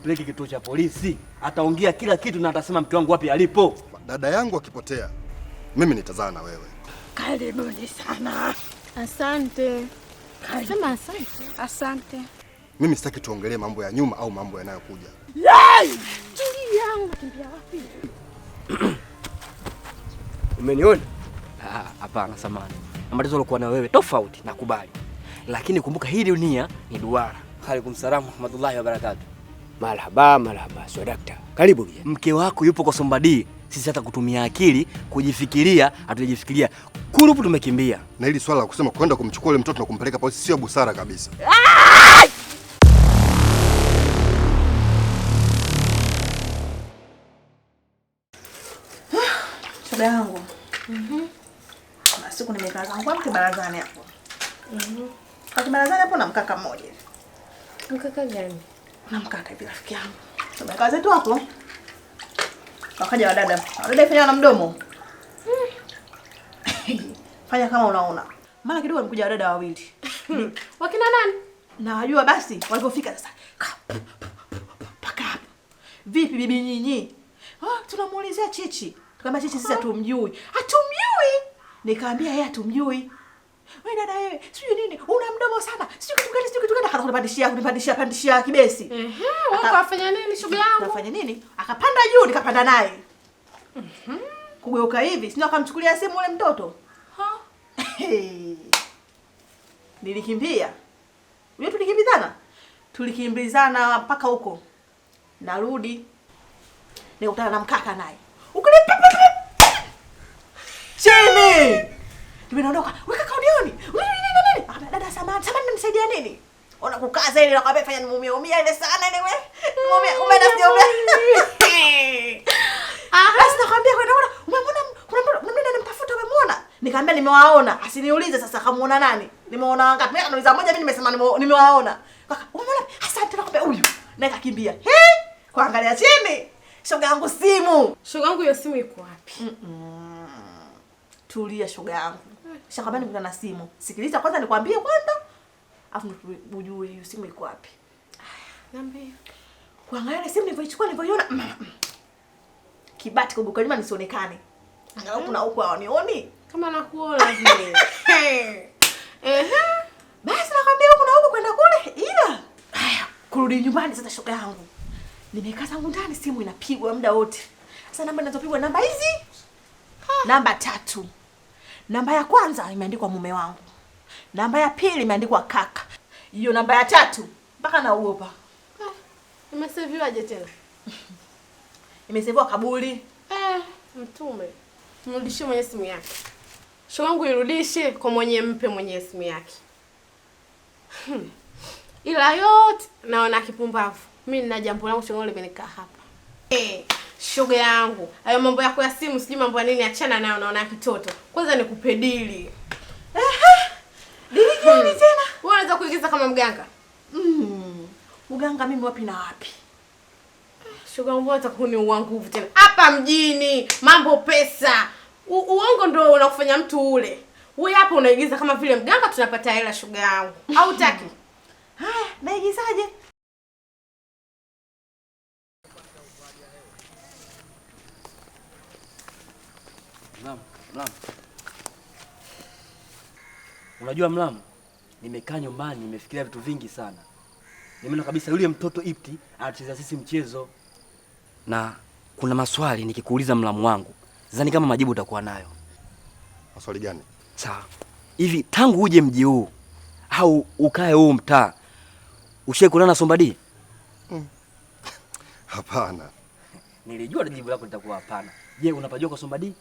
tumpeleke kituo cha polisi, ataongea kila kitu na atasema mke wangu wapi alipo. Dada yangu akipotea, mimi nitazaa na wewe. Karibuni sana. Asante. Sema asante. Asante. Mimi sitaki tuongelee mambo ya nyuma au mambo yanayokuja. Umeniona? Ah, hapana, samani ambazo alikuwa na wewe tofauti, nakubali, lakini kumbuka hii dunia ni duara. Alaikum salaam warahmatullahi wabarakatuh. Marhaba, marhaba. So dakta, karibu bia. Mke wako yupo kwa Sombadi. Sisi hata kutumia akili kujifikiria hatujajifikiria. Kurupu tumekimbia. Na hili swala la kusema kwenda kumchukua ule mtoto na kumpeleka pale sio busara kabisa. Shoga yangu. Mhm. Kuna siku nimekaa zangu kwa kibarazani hapo. Mhm. Kwa kibarazani hapo na mkaka mmoja. Mkaka gani? Namkaka hivi rafiki yangu. Tumeka zetu hapo. Wakaja wadada. Wadada ifanya na mdomo. Hmm. Fanya kama unaona. mara kidogo wamekuja wadada wawili. Hmm. Wakina nani? Na wajua basi walipofika sasa. Paka hapo. Vipi bibi nyinyi? Oh, tunamuulizia Chichi. Tukamwambia Chichi sisi oh. hatumjui. Hatumjui. Nikamwambia yeye hatumjui. Wewe dada wewe, sijui nini, una mdomo sana. Sijui kitu gani, sijui kitu gani akaanza kunipandishia, kunipandishia, pandishia kibesi. Ehe, wewe ukafanya nini shughuli yangu? Nafanya nini? Akapanda juu nikapanda naye. Mhm. Kugeuka hivi, sio akamchukulia simu ule mtoto. Ha? Nilikimbia. Wewe tulikimbizana? Tulikimbizana mpaka huko. Narudi. Nikutana na mkaka naye. Ukule chini. Nimeondoka. Weka John, wewe nini nini? Ah, dada samani, samani nimsaidia nini? Ona kukaza ile nakwambia fanya nimuumia umia ile sana ile wewe. Nimuumia umia nafsi umia. Ah, basi nakwambia kwenda ona, umemwona kuna mtu mlinda nimtafuta umemwona? Nikamwambia nimewaona. Asiniulize sasa kamuona nani? Nimeona wangapi? Mimi nauliza moja, mimi nimesema nimewaona. Kaka, umemwona? Asante nakwambia huyu. Na ikakimbia. He? Kuangalia chini. Shoga yangu simu. Shoga yangu hiyo simu iko wapi? Mm -mm. Tulia shoga yangu. Kisha kuna na simu. Sikiliza kwanza nikwambie kwanza. Afu ujue hiyo simu iko wapi. Niambie. Kuangalia simu nilivyoichukua nilivyoiona. Mm, mm, mm. Kibati kuguka nyuma nisionekane. Angalau kuna huko hawanioni. Kama nakuona vile. Ehe. Basi nakwambia kuna huko kwenda kule. Ila haya kurudi nyumbani sasa shoga yangu. Nimekaa zangu ndani simu inapigwa muda wote. Sasa namba ninazopigwa namba hizi. Namba tatu. Namba ya kwanza imeandikwa mume wangu, namba ya pili imeandikwa kaka, hiyo namba ya tatu mpaka naogopa. Eh, imeseviwaje tena? Imeseviwa kaburi. Eh, mtume, mrudishie mwenye simu yake. Shoga wangu irudishe kwa mwenye, mpe mwenye simu yake. Hmm. Ila yote naona kipumbavu. Mimi nina jambo langu shoga, limenikaa hapa eh shoga yangu, hayo mambo yako ya simu sijui mambo ya nini, achana nayo, naona ya kitoto. Kwanza nikupe dili. Dili gani hmm? Tena wewe unaweza kuigiza kama mganga mm. Uganga mimi wapi na wapi? Shoga yangu, unataka kuniua nguvu tena hapa mjini, mambo pesa. U uongo ndio unakufanya mtu ule. Wewe hapa unaigiza kama vile mganga, tunapata hela shoga yangu, au taki? Haya, naigizaje? Mlamu, Mlamu. Unajua Mlamu, nimekaa nyumbani nimefikiria vitu vingi sana. Nimeona kabisa yule mtoto Ipti anacheza sisi mchezo, na kuna maswali nikikuuliza Mlamu wangu, zani kama majibu utakuwa nayo. Maswali gani? Sawa, hivi tangu uje mji huu au ukae huu mtaa, ushaikutana na Sombadi? Mm. Hapana. Nilijua jibu lako litakuwa hapana. Je, unapajua kwa Sombadi?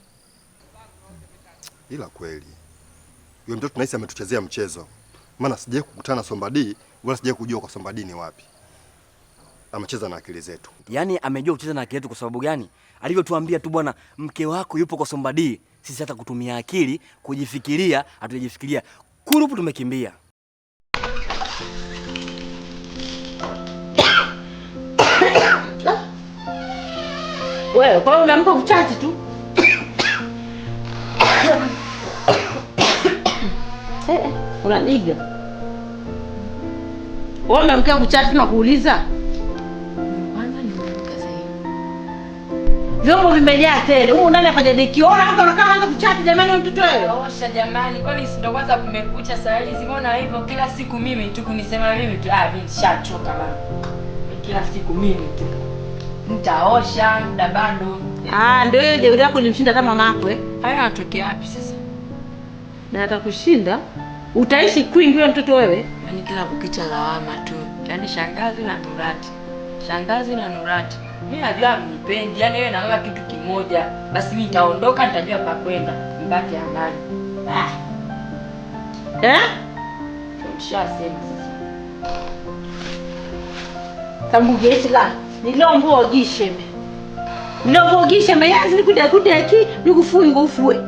Ila kweli yule mtoto tunahisi ametuchezea mchezo, maana sijai kukutana na Sombadi wala sijai kujua kwa Sombadi ni wapi. Amecheza na akili zetu. Yaani amejua kucheza na akili zetu kwa sababu gani? Alivyotuambia tu bwana, mke wako yupo kwa Sombadi, sisi hata kutumia akili kujifikiria hatujajifikiria. Kurupu tumekimbia. Wewe kwa hiyo unampa uchache tu. Eh, unaniga wewe, unaamkia kuchati na kuuliza. Vyombo vimejaa tele huko ndani kuchati. Jamani mtoto wewe, osha jamani, kwani si ndo kwanza kumekucha saa hizi? Mbona hivyo kila siku? Mimi tu kunisema mimi tu, ah, mimi nishachoka bana, kila siku mimi tu nitaosha muda bado. Ah, ndio hiyo jeuri yako ilimshinda hata mama yako eh? Haya, anatokea wapi sasa? na atakushinda, utaishi kwingi wewe mtoto wewe. Yaani kila kukicha lawama tu, yaani shangazi na Nurati, shangazi na Nurati. Mimi najua mnipendi, yaani wewe na mama kitu kimoja. Basi mimi nitaondoka, nitajua pa kwenda, mbaki amani. Ah. Eh? Tumsha sema sasa. Tambugesila, nilombo ogisheme. Nilombo ogisheme, yazi yaani nikudakuda yaki, nikufunga ufue.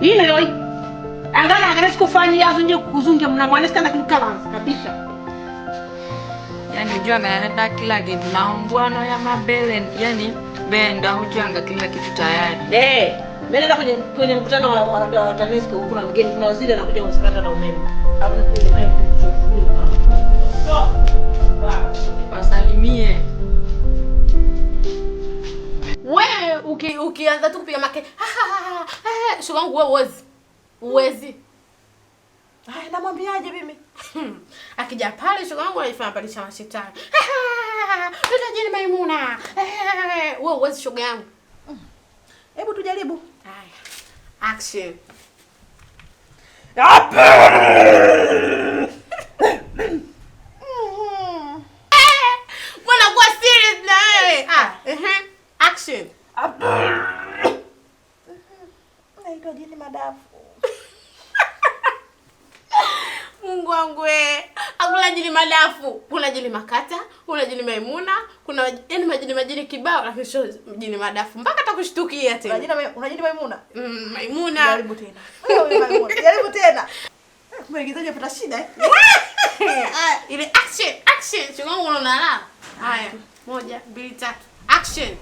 Hino yoi. Angana angana sikufanya yazo kuzunge mna na kinkalanzi kabisa. Yani unajua ameandaa kila kitu maungwano ya mabele, yani benda huchanga kila kitu tayari. Eh, mimi naenda kwenye kwenye mkutano wa wa TANESCO huko na mgeni kuna waziri anakuja kusikata na umeme. Wasalimie. Wewe ukianza tu kupiga make. Shogangu wewe uwezi. Uwezi. Haya namwambiaje mimi? Hmm, akija pale shoga yangu anaifanya pale cha mashetani. Tuta jini Maimuna. Wewe uwezi shoga yangu. Mm. Hebu tujaribu. Haya. Action. Ape! majina kibao na kisho jini madafu mpaka hata kushtukia tena. Unajina unajina Maimuna? Mm, Maimuna. Jaribu tena. Wewe Maimuna. Jaribu tena. Eh, Mwigizaji apata shida eh. Ile action action sio kama unaona la. Haya, moja, mbili, tatu. Action.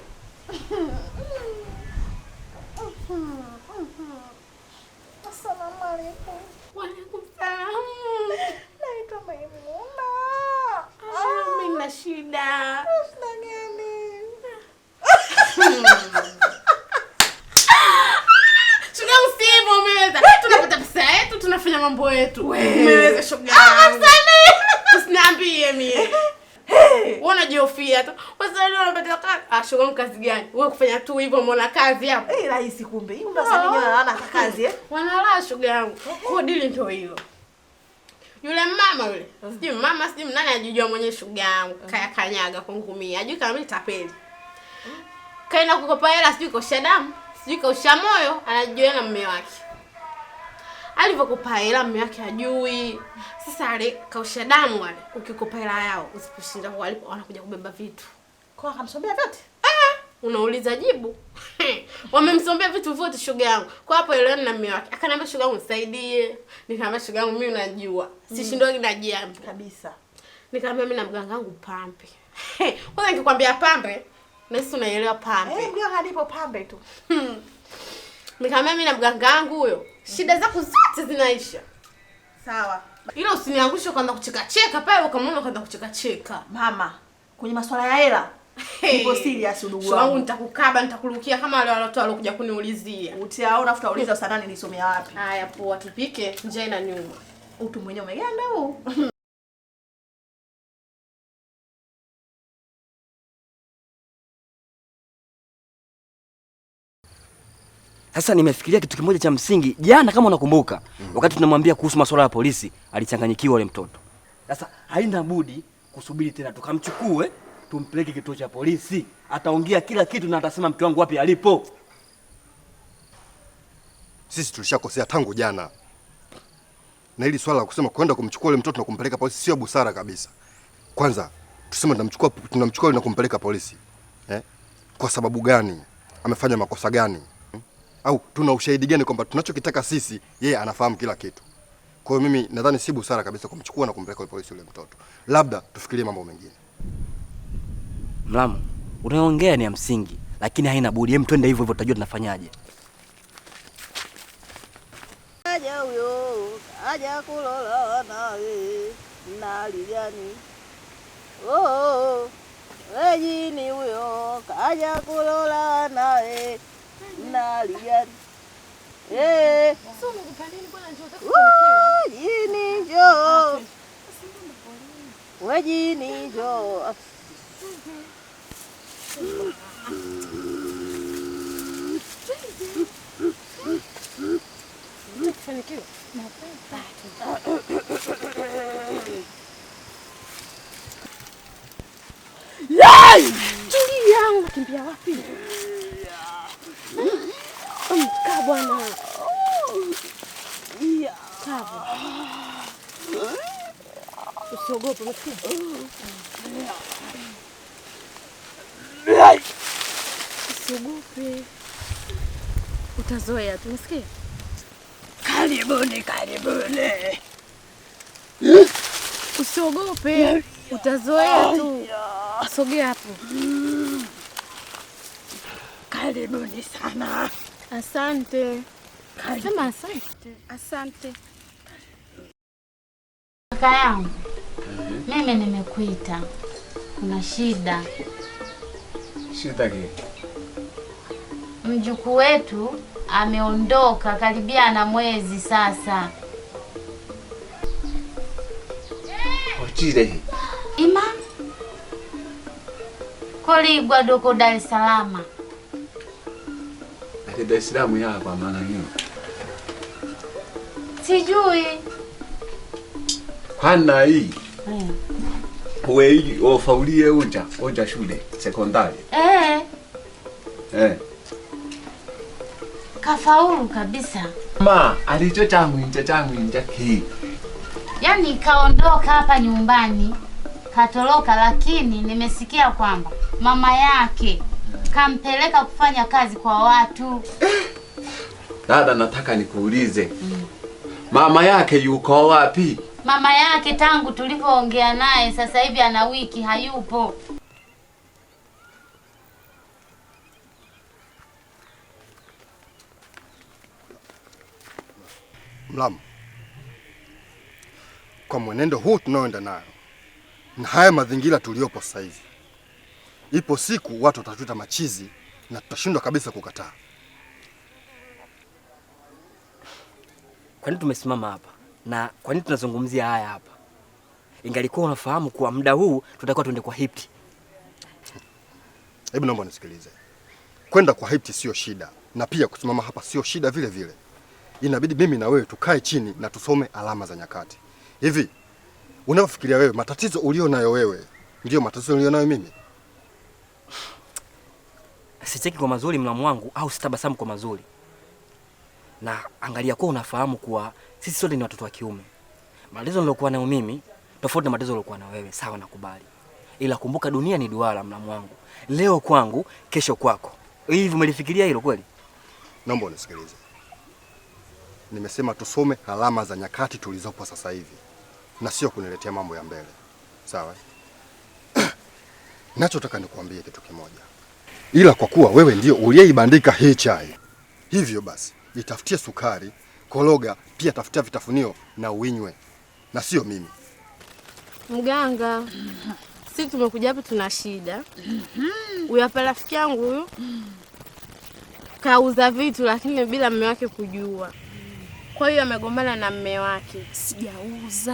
Assalamu alaikum. kazi gani? Wewe kufanya tu hivyo umeona kazi hapo. Eh, rahisi kumbe. Hii mbona oh. sasa wenyewe hawana kazi eh? Wanalaa shuga yangu. Eh. Kwa dili ndio hiyo. Yule mama yule. Sijui mama sijui nani ajijua mwenye shuga yangu. Eh. Kaya kanyaga kwa ngumi. Ajui kama mimi tapeli. Kaenda kukopa hela sijui kwa shadamu. sijui kausha moyo, anajijua na mume wake. Alivyokopa hela mume wake ajui. Sasa ale kausha damu wale. Ukikopa hela yao usiposhinda walipo wanakuja kubeba vitu. Kwa akamsombea vyote. Unauliza jibu. Wamemsombea vitu vyote shoga yangu. Kwa hapo Elena na mimi wake. Akaniambia shoga yangu nisaidie. Nikamwambia shoga yangu mimi unajua. Si shindo mm. kabisa. Nikamwambia mimi na mganga wangu pambe. Kwanza nikikwambia pambe, na sisi unaelewa pambe. Eh, hey, ndio hadipo pambe tu. Nikamwambia mimi na mganga wangu huyo. Shida zako zote zinaisha. Sawa. Ila usiniangushe kwanza kucheka cheka pale ukamwona kwanza kucheka cheka. Mama, kwenye masuala ya hela Nipo serious ndugu wangu. Wangu nitakukaba, nitakurukia kama wale walotoa walokuja kuniulizia. Utaona afuta uliza sanani nisomea wapi. Haya poa, tupike nje na nyuma. Utu mwenyewe umeganda huu. Sasa nimefikiria kitu kimoja cha msingi. Jana kama unakumbuka, mm. wakati tunamwambia kuhusu masuala ya polisi, alichanganyikiwa yule mtoto. Sasa haina budi kusubiri tena tukamchukue tumpeleke kituo cha polisi, ataongea kila kitu na atasema mke wangu wapi alipo. Sisi tulishakosea tangu jana, na hili swala la kusema kwenda kumchukua yule mtoto na kumpeleka polisi sio busara kabisa. Kwanza tuseme tunamchukua tunamchukua na kumpeleka polisi eh? Kwa sababu gani? Amefanya makosa gani? hmm? Au tuna ushahidi gani kwamba tunachokitaka sisi yeye anafahamu kila kitu? Kwa hiyo mimi nadhani si busara kabisa kumchukua na kumpeleka polisi yule mtoto, labda tufikirie mambo mengine. Mlamu, unaongea ni ya msingi, lakini haina budi. Hem, twende hivyo hivyo, tutajua tunafanyaje. Aja huyo aja oh, kulola nawe nalijani oo wejini huyo kaja kulola nawe nalijani eh jini jo wejini jo Seninki Yai! Chini yangu kimbia wapi? Kaa bwana. Kaa bwana. Usiogope, umesikia? usiogope, utazoea tu, unasikia? Karibuni, karibuni, usiogope, utazoea tu. Sogea hapo. Mm. Karibuni sana. Asante. Sema asante. Asante. Kaka yangu, mimi nimekuita, kuna shida. Shida gani? mjukuu wetu ameondoka karibia na mwezi sasa. Ochile ima koligwa doko Dar es Salaam ati Dar es Salaam yapa maana nini? Sijui hana hii hmm. Eh. Weyi ufaulie unja unja shule sekondari eh. kafaulu kabisa. Ma, alicho changu inja changu inja ki. Yaani kaondoka hapa nyumbani katoroka, lakini nimesikia kwamba mama yake kampeleka kufanya kazi kwa watu. Dada, nataka nikuulize mm. mama yake yuko wapi? Mama yake tangu tulivyoongea naye sasa hivi ana wiki hayupo. Kiislamu. Kwa mwenendo huu tunaoenda nayo na haya mazingira tuliyopo sasa hivi, ipo siku watu watatuita machizi na tutashindwa kabisa kukataa. Kwa nini tumesimama hapa na kwa nini tunazungumzia haya hapa? Ingalikuwa unafahamu kuwa muda huu tutakuwa tuende kwa Hipti. Hebu naomba nisikilize, kwenda kwa Hipti sio shida, na pia kusimama hapa sio shida vile vile inabidi mimi na wewe tukae chini na tusome alama za nyakati. Hivi unafikiria wewe matatizo ulio nayo wewe ndio matatizo ulio nayo mimi? Sicheki kwa mazuri mlamu wangu, au sitabasamu kwa mazuri. Na angalia kuwa unafahamu kuwa sisi sote ni watoto wa kiume. Matatizo nilokuwa nayo mimi tofauti na matatizo nilokuwa na wewe, sawa, nakubali. Ila kumbuka dunia ni duara mlamu wangu, leo kwangu, kesho kwako. Hivi umelifikiria hilo kweli? Naomba unisikilize nimesema tusome alama za nyakati tulizopo sasa hivi na sio kuniletea mambo ya mbele, sawa? Nachotaka nikuambie kitu kimoja, ila kwa kuwa wewe ndio uliyeibandika hii chai, hivyo basi itafutie sukari, kologa pia, tafutia vitafunio na uinywe, na sio mimi. Mganga, sisi tumekuja hapa, tuna shida. Huyu hapa rafiki yangu huyu kauza vitu, lakini bila mume wake kujua. Kwa hiyo amegombana na mme wake. Sijauza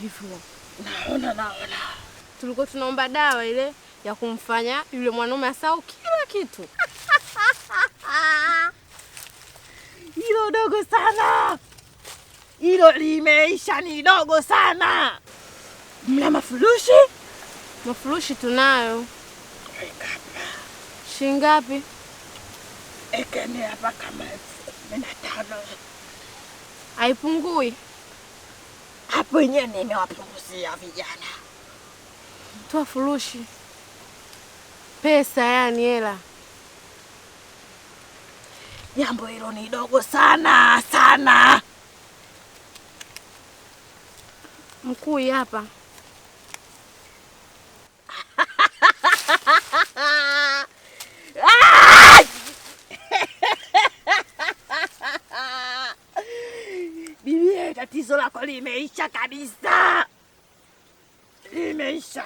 hivyo hivyo, naona naona, tulikuwa tunaomba dawa ile ya kumfanya yule mwanaume asahau kila kitu. Hilo dogo sana hilo, limeisha ni dogo sana. Mna mafurushi? Mafurushi tunayo. Shingapi? ekeni hapa kama elfu kumi na tano haipungui hapo. Yenyewe ninawapunguzia vijana toa furushi pesa, yani hela. Jambo hilo ni dogo sana sana, mkuu hapa tatizo lako limeisha kabisa, limeisha.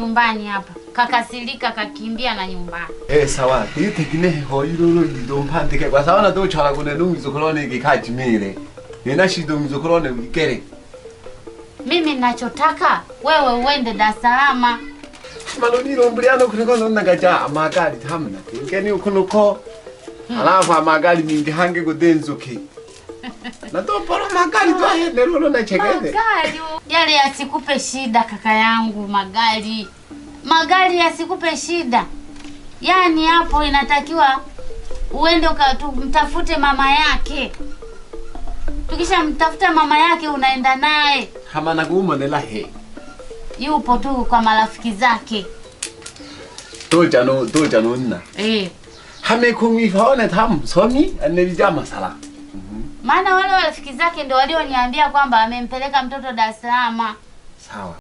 nyumbani hapa Kakasilika kakimbia na nyumbani eh sawa ditekine hoyirolo ndompandige kwa sawa na chala kuna kune numizo kolone gikajimire ninashido mizo kolone gikere mimi ninachotaka wewe uende Dar es Salaam maloniro mbriano kuneko nonagaja amagari hamna ngeni ukunuko hmm. alafu amagari mingi hange kudenzuki. na dopo magari tu aende rolo na chekete. Magari yale yasikupe shida kaka yangu, magari magari yasikupe shida. Yaani hapo inatakiwa uende ukamtafute mama yake. Tukisha mtafuta mama yake unaenda naye. Kama gumo nela he. Yupo tu kwa marafiki zake. Toja no toja no nna. Eh. Hame kumi faone tam somi ane bijama sala. Mhm maana wale warafiki zake ndio walioniambia kwamba amempeleka mtoto Dar es Salaam. Sawa.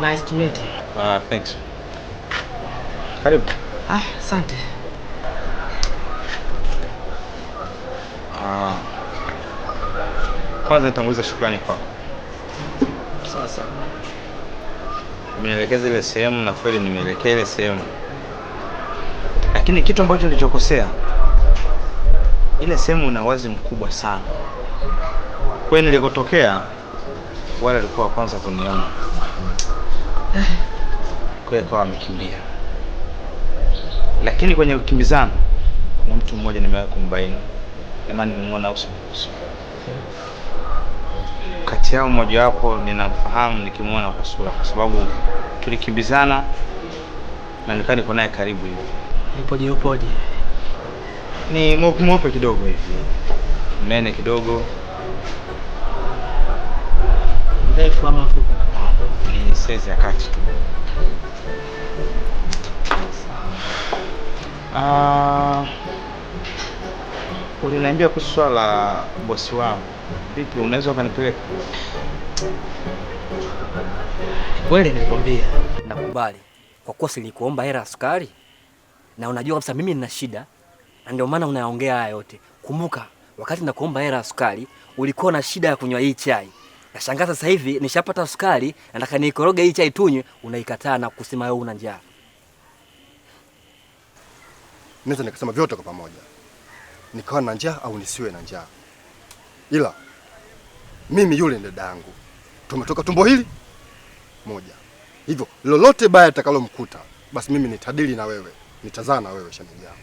Nice to meet you. Ah, thanks. Karibu. Ah, asante. Ah. Kwanza nitanguliza shukrani kwako. Sawa sawa umeelekeza ile sehemu na kweli nimeelekea ile sehemu, lakini kitu ambacho nilichokosea ile sehemu una wazi mkubwa sana. Kwa hiyo nilikotokea wala walikuwa kwanza kuniona kwa hiyo amekimbia, lakini kwenye ukimbizano kuna mtu mmoja nimewahi kumbaini, jamani, nimuona uso uso kati yao mojawapo ninamfahamu nikimwona kwa sura, kwa sababu tulikimbizana na nikaa niko naye karibu hivi. Upoje upoje? Ni mweupe mweupe kidogo hivi, mnene kidogo, mrefu ama mfupi? Ni saizi ya kati tu. Uh, ah, uliniambia kuhusu swala la bosi wangu Vipi, unaweza ukanipeleka kweli? Nilikwambia nakubali, kwa kuwa silikuomba hela ya sukari, na unajua kabisa mimi nina shida, na ndio maana unayaongea haya yote. Kumbuka wakati nakuomba hela ya sukari ulikuwa na shida ya kunywa hii chai. Nashangaa sasa hivi nishapata sukari, nataka nikoroge hii chai tunywe, unaikataa na kusema wewe una njaa. Naweza nikasema vyote kwa pamoja, nikawa na njaa au nisiwe na njaa, ila mimi yule yangu tumetoka tumbo hili moja, hivyo lolote baya atakalomkuta basi mimi nitadili na wewe, nitazaa na wewe shemeji yangu.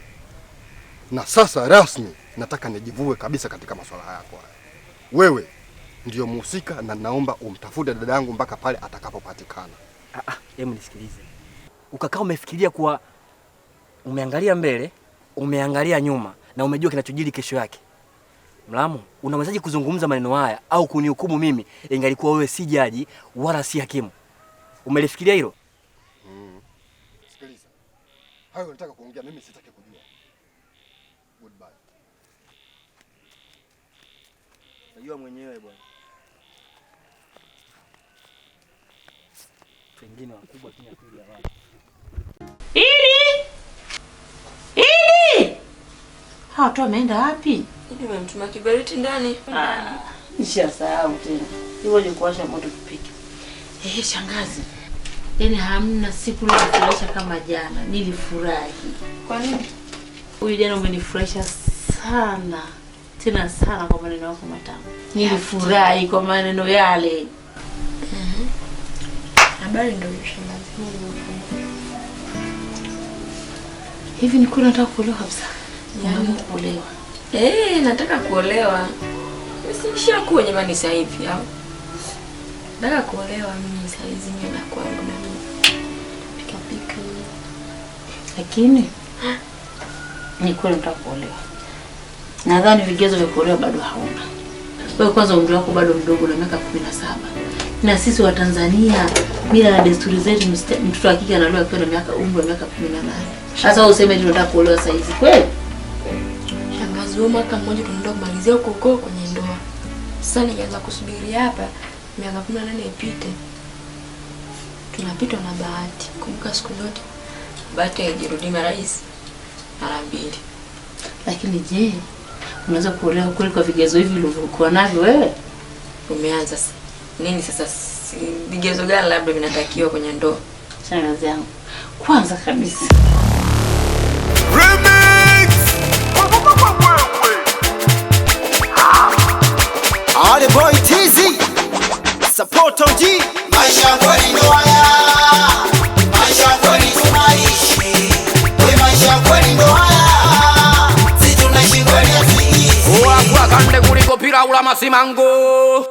Na sasa rasmi nataka nijivue kabisa katika masuala yako haya. Wewe ndiyo muhusika, na naomba umtafute dada yangu mpaka pale atakapopatikana. Ah, ah hebu nisikilize. Ukakaa umefikiria kuwa umeangalia mbele, umeangalia nyuma na umejua kinachojiri kesho yake. Mlamu, unawezaje kuzungumza maneno haya au kunihukumu mimi, ingalikuwa wewe si jaji wala si hakimu? Umelifikiria hilo? Mm. Sikiliza. Hayo kuongea mimi sitaki kujua. Goodbye. Najua mwenyewe bwana. wakubwa Ili hawa watu wameenda wapi? Nimemtuma kiberiti ndani. Ah, nishasahau tena. Hivyo ni kuwasha moto kupika. Eh, shangazi. Yaani hamna siku la kufurahisha kama jana. Nilifurahi. Kwa nini? Huyu jana umenifurahisha sana. Tena sana kwa maneno yako matamu. Nilifurahi kwa maneno yale. Mhm. Habari ndio shangazi. Hivi nilikuwa nataka kuolewa kabisa. Yaani kuolewa. Eh, nataka kuolewa. Nisisha kuwa jamani sasa hivi au. Nataka kuolewa mimi sasa hizi mimi na kwangu na Pika pika. Lakini ni kweli nitakuolewa. Nadhani vigezo vya kuolewa bado hauna. Wewe kwanza umri wako bado mdogo na miaka 17. Na sisi wa Tanzania mila na desturi zetu mtoto wa kike analelewa akiwa na miaka umri wa miaka 18. Sasa useme tunataka kuolewa sasa hizi kweli? mwezi huu mwaka mmoja tunaenda kumalizia huko huko kwenye ndoa. Sasa nikaanza kusubiri hapa miaka 18 ipite. Tunapitwa na bahati. Kumbuka siku zote bahati haijirudi mara hizi mara mbili. Lakini je, unaweza kuolewa kweli kwa vigezo hivi ulivyokuwa navyo wewe? Umeanza nini sasa? Vigezo gani labda vinatakiwa kwenye ndoa? Shangazi yangu. Kwanza kabisa. Remi. Sapoto G. Maisha kweli ndo haya, maisha kweli tunaishi, we maisha kweli ndo haya, si tunaishi kweli Uwa kwa kande kuliko pira ula masimango.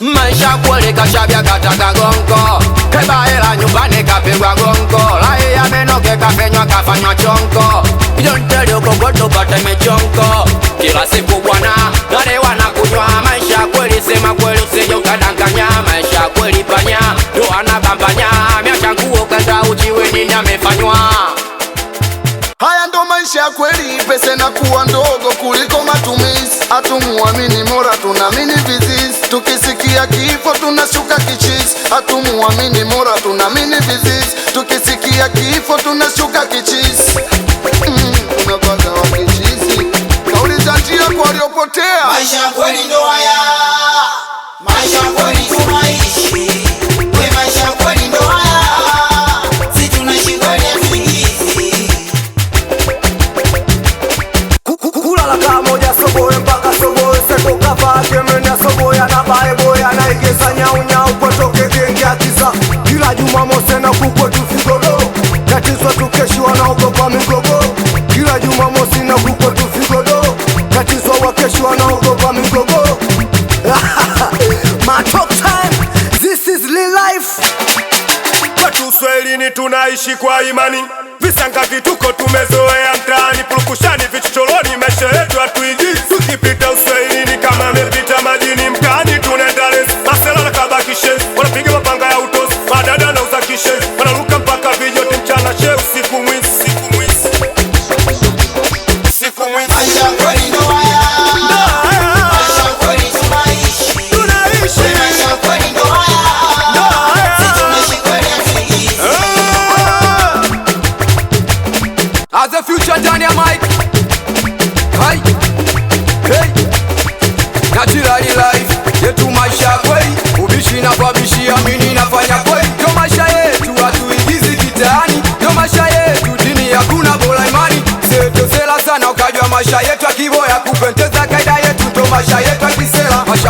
Maisha kweli kashabia kataka gongo keba hela nyumbani kapigwa gongo Lae ya meno kekafenywa kafanywa chonko, jonte liokogoto kateme chonko, kila siku bwana gare wanakunywa. Maisha kweli sema kweli Usiyeuka danganya, maisha kweli panya, miacha nguo ujiwe nini amefanywa. Haya ndo maisha ya kweli, pesa inakuwa ndogo kuliko matumizi. Hatumuamini mora, tunaamini vizizi. Tukisikia kifo tunashuka kichizi. Hatumuamini mora, tunaamini vizizi. Tukisikia kifo tunashuka kichizi. Mm, unapata wakichizi. njia kwa waliopotea. Maisha kweli ndo haya. My young boy, my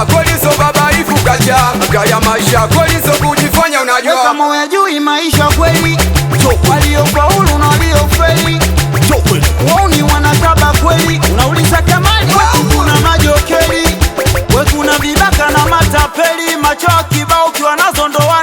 maisha baba ifu kaja kaya maisha kolizo kujifanya unajua kama unajui maisha kweli waliofaulu na waliofeli wauni wanataba kweli unauliza kamani wetu kuna majokeli wekuna vibaka na matapeli macho kibao ukiwa nazo ndoa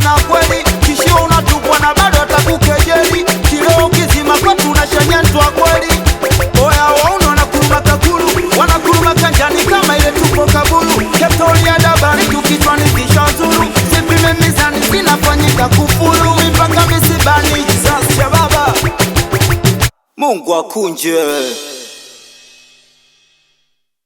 Mungu akunje.